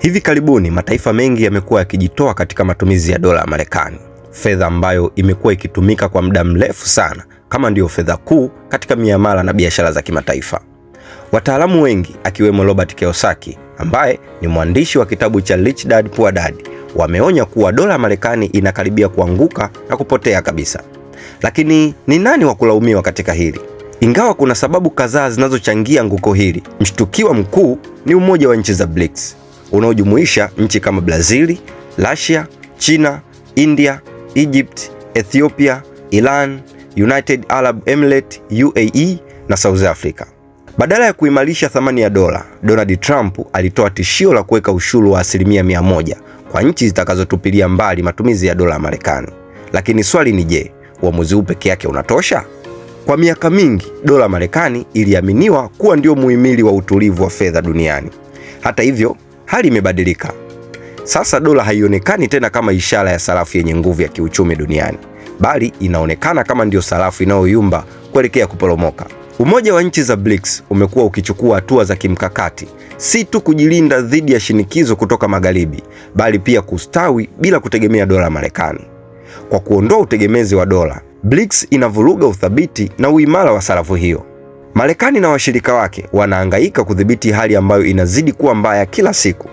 Hivi karibuni mataifa mengi yamekuwa yakijitoa katika matumizi ya dola ya Marekani, fedha ambayo imekuwa ikitumika kwa muda mrefu sana kama ndiyo fedha kuu katika miamala na biashara za kimataifa. Wataalamu wengi akiwemo Robert Kiyosaki ambaye ni mwandishi wa kitabu cha Rich Dad Poor Dad wameonya kuwa dola ya Marekani inakaribia kuanguka na kupotea kabisa. Lakini ni nani wa kulaumiwa katika hili? Ingawa kuna sababu kadhaa zinazochangia nguko hili, mshtukiwa mkuu ni umoja wa nchi za BRICS unaojumuisha nchi kama Brazili, Russia, China, India, Egypt, Ethiopia, Iran, United Arab Emirates, UAE na South Africa. Badala ya kuimarisha thamani ya dola, Donald Trump alitoa tishio la kuweka ushuru wa asilimia mia moja kwa nchi zitakazotupilia mbali matumizi ya dola ya Marekani. Lakini swali ni je, uamuzi huu peke yake unatosha? Kwa miaka mingi dola Marekani iliaminiwa kuwa ndio muhimili wa utulivu wa fedha duniani. Hata hivyo hali imebadilika. Sasa dola haionekani tena kama ishara ya sarafu yenye nguvu ya kiuchumi duniani, bali inaonekana kama ndiyo sarafu inayoyumba kuelekea kuporomoka. Umoja wa nchi za BRICS umekuwa ukichukua hatua za kimkakati, si tu kujilinda dhidi ya shinikizo kutoka magharibi, bali pia kustawi bila kutegemea dola Marekani. Kwa kuondoa utegemezi wa dola, BRICS inavuruga uthabiti na uimara wa sarafu hiyo, Marekani na washirika wake wanahangaika kudhibiti hali ambayo inazidi kuwa mbaya kila siku.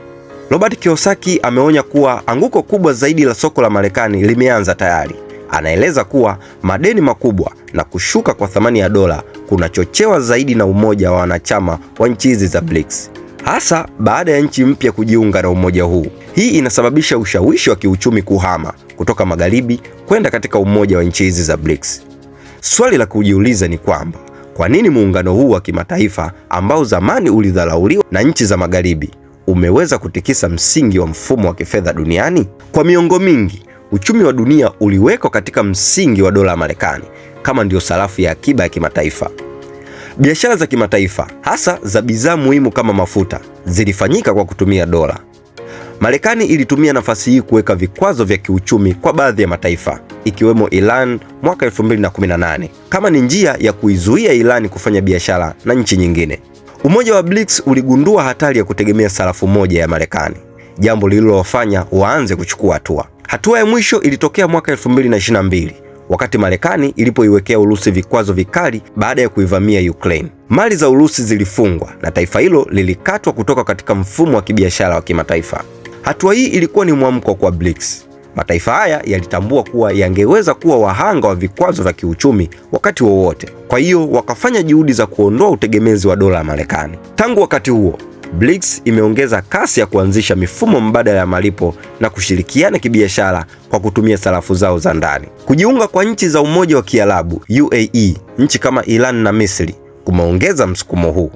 Robert Kiyosaki ameonya kuwa anguko kubwa zaidi la soko la Marekani limeanza tayari. Anaeleza kuwa madeni makubwa na kushuka kwa thamani ya dola kunachochewa zaidi na umoja wa wanachama wa nchi hizi za BRICS, hasa baada ya nchi mpya kujiunga na umoja huu. Hii inasababisha ushawishi wa kiuchumi kuhama kutoka magharibi kwenda katika umoja wa nchi hizi za BRICS. Swali la kujiuliza ni kwamba kwa nini muungano huu wa kimataifa ambao zamani ulidharauliwa na nchi za magharibi umeweza kutikisa msingi wa mfumo wa kifedha duniani? Kwa miongo mingi, uchumi wa dunia uliwekwa katika msingi wa dola ya Marekani kama ndiyo sarafu ya akiba ya kimataifa. Biashara za kimataifa, hasa za bidhaa muhimu kama mafuta, zilifanyika kwa kutumia dola. Marekani ilitumia nafasi hii kuweka vikwazo vya kiuchumi kwa baadhi ya mataifa ikiwemo Iran mwaka 2018 kama ni njia ya kuizuia Iran kufanya biashara na nchi nyingine. Umoja wa BRICS uligundua hatari ya kutegemea sarafu moja ya Marekani, jambo lililowafanya waanze kuchukua hatua. Hatua ya mwisho ilitokea mwaka 2022 wakati Marekani ilipoiwekea Urusi vikwazo vikali baada ya kuivamia Ukraine. Mali za Urusi zilifungwa na taifa hilo lilikatwa kutoka katika mfumo wa kibiashara wa kimataifa. Hatua hii ilikuwa ni mwamko kwa BRICS. Mataifa haya yalitambua kuwa yangeweza kuwa wahanga wa vikwazo vya kiuchumi wakati wowote wa, kwa hiyo wakafanya juhudi za kuondoa utegemezi wa dola ya Marekani. Tangu wakati huo BRICS imeongeza kasi ya kuanzisha mifumo mbadala ya malipo na kushirikiana kibiashara kwa kutumia sarafu zao za ndani. Kujiunga kwa nchi za Umoja wa Kiarabu UAE, nchi kama Iran na Misri kumeongeza msukumo huu.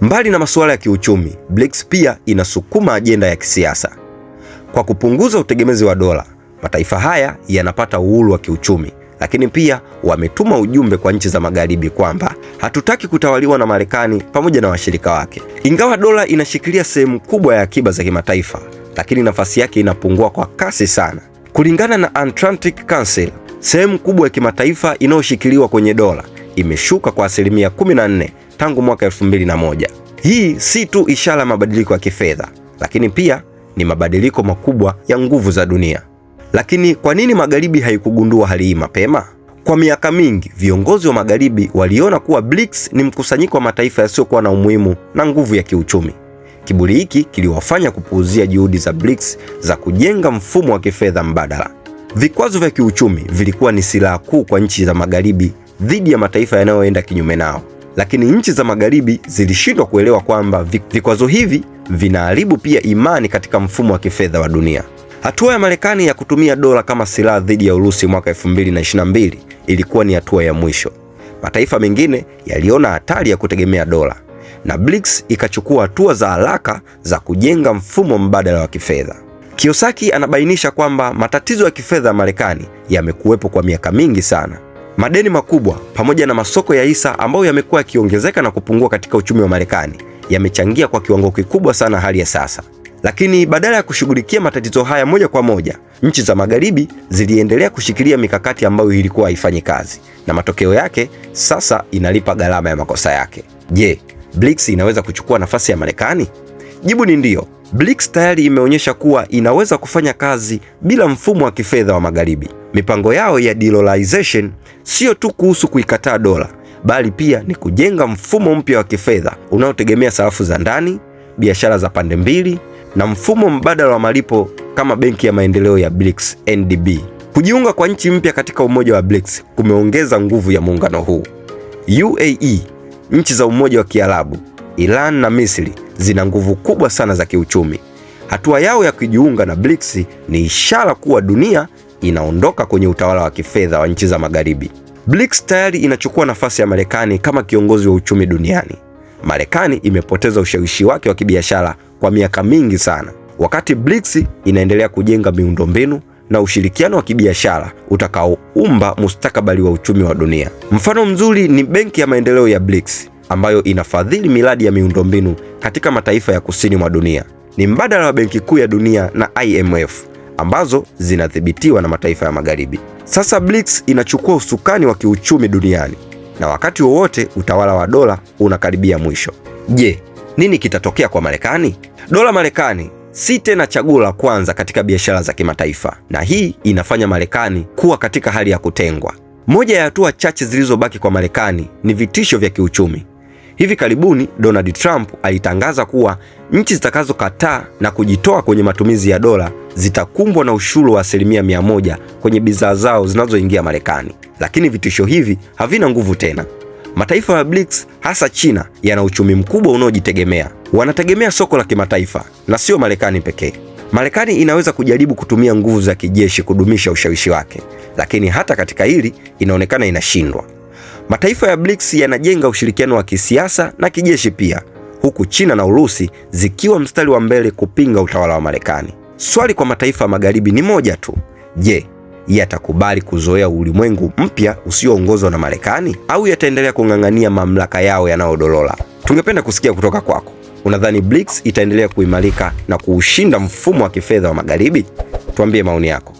Mbali na masuala ya kiuchumi, BRICS pia inasukuma ajenda ya kisiasa. Kwa kupunguza utegemezi wa dola, mataifa haya yanapata uhuru wa kiuchumi, lakini pia wametuma ujumbe kwa nchi za magharibi kwamba hatutaki kutawaliwa na Marekani pamoja na washirika wake. Ingawa dola inashikilia sehemu kubwa ya akiba za kimataifa, lakini nafasi yake inapungua kwa kasi sana. Kulingana na Atlantic Council, sehemu kubwa ya kimataifa inayoshikiliwa kwenye dola imeshuka kwa asilimia 14 tangu mwaka 2001. Hii si tu ishara ya mabadiliko ya kifedha, lakini pia ni mabadiliko makubwa ya nguvu za dunia. Lakini kwa nini magharibi haikugundua hali hii mapema? Kwa miaka mingi viongozi wa magharibi waliona kuwa BRICS ni mkusanyiko wa mataifa yasiyokuwa na umuhimu na nguvu ya kiuchumi. Kiburi hiki kiliwafanya kupuuzia juhudi za BRICS za kujenga mfumo wa kifedha mbadala. Vikwazo vya kiuchumi vilikuwa ni silaha kuu kwa nchi za magharibi dhidi ya mataifa yanayoenda kinyume nao, lakini nchi za magharibi zilishindwa kuelewa kwamba vikwazo hivi vinaharibu pia imani katika mfumo wa kifedha wa dunia. Hatua ya Marekani ya kutumia dola kama silaha dhidi ya Urusi mwaka 2022 ilikuwa ni hatua ya mwisho. Mataifa mengine yaliona hatari ya kutegemea dola na BRICS ikachukua hatua za haraka za kujenga mfumo mbadala wa kifedha. Kiyosaki anabainisha kwamba matatizo ya kifedha ya Marekani yamekuwepo kwa miaka mingi sana. Madeni makubwa pamoja na masoko ya hisa ambayo yamekuwa yakiongezeka na kupungua katika uchumi wa Marekani yamechangia kwa kiwango kikubwa sana hali ya sasa. Lakini badala ya kushughulikia matatizo haya moja kwa moja, nchi za magharibi ziliendelea kushikilia mikakati ambayo ilikuwa haifanyi kazi, na matokeo yake sasa inalipa gharama ya makosa yake. Je, BRICS inaweza kuchukua nafasi ya Marekani? Jibu ni ndiyo. BRICS tayari imeonyesha kuwa inaweza kufanya kazi bila mfumo wa kifedha wa magharibi. Mipango yao ya dollarization sio tu kuhusu kuikataa dola bali pia ni kujenga mfumo mpya wa kifedha unaotegemea sarafu za ndani, biashara za pande mbili na mfumo mbadala wa malipo kama benki ya maendeleo ya BRICS, NDB. Kujiunga kwa nchi mpya katika umoja wa BRICS kumeongeza nguvu ya muungano huu. UAE, nchi za umoja wa Kiarabu, Iran na Misri zina nguvu kubwa sana za kiuchumi. Hatua yao ya kujiunga na BRICS ni ishara kuwa dunia inaondoka kwenye utawala wa kifedha wa nchi za magharibi. BRICS tayari inachukua nafasi ya Marekani kama kiongozi wa uchumi duniani. Marekani imepoteza ushawishi wake wa kibiashara kwa miaka mingi sana, wakati BRICS inaendelea kujenga miundombinu na ushirikiano wa kibiashara utakaoumba mustakabali wa uchumi wa dunia. Mfano mzuri ni Benki ya Maendeleo ya BRICS ambayo inafadhili miradi ya miundombinu katika mataifa ya kusini mwa dunia. Ni mbadala wa Benki Kuu ya Dunia na IMF ambazo zinadhibitiwa na mataifa ya Magharibi. Sasa BRICS inachukua usukani wa kiuchumi duniani na wakati wowote utawala wa dola unakaribia mwisho. Je, nini kitatokea kwa Marekani? Dola Marekani si tena chaguo la kwanza katika biashara za kimataifa, na hii inafanya Marekani kuwa katika hali ya kutengwa. Moja ya hatua chache zilizobaki kwa Marekani ni vitisho vya kiuchumi. Hivi karibuni Donald Trump alitangaza kuwa nchi zitakazokataa na kujitoa kwenye matumizi ya dola zitakumbwa na ushuru wa asilimia mia moja kwenye bidhaa zao zinazoingia Marekani, lakini vitisho hivi havina nguvu tena. Mataifa ya BRICS hasa China yana uchumi mkubwa unaojitegemea, wanategemea soko la kimataifa na sio Marekani pekee. Marekani inaweza kujaribu kutumia nguvu za kijeshi kudumisha ushawishi wake, lakini hata katika hili inaonekana inashindwa. Mataifa ya BRICS yanajenga ushirikiano wa kisiasa na kijeshi pia, huku China na Urusi zikiwa mstari wa mbele kupinga utawala wa Marekani. Swali kwa mataifa ya magharibi ni moja tu. Je, yatakubali kuzoea ulimwengu mpya usioongozwa na Marekani au yataendelea kung'ang'ania mamlaka yao yanayodolola? Tungependa kusikia kutoka kwako. Unadhani BRICS itaendelea kuimarika na kuushinda mfumo wa kifedha wa magharibi? Tuambie maoni yako.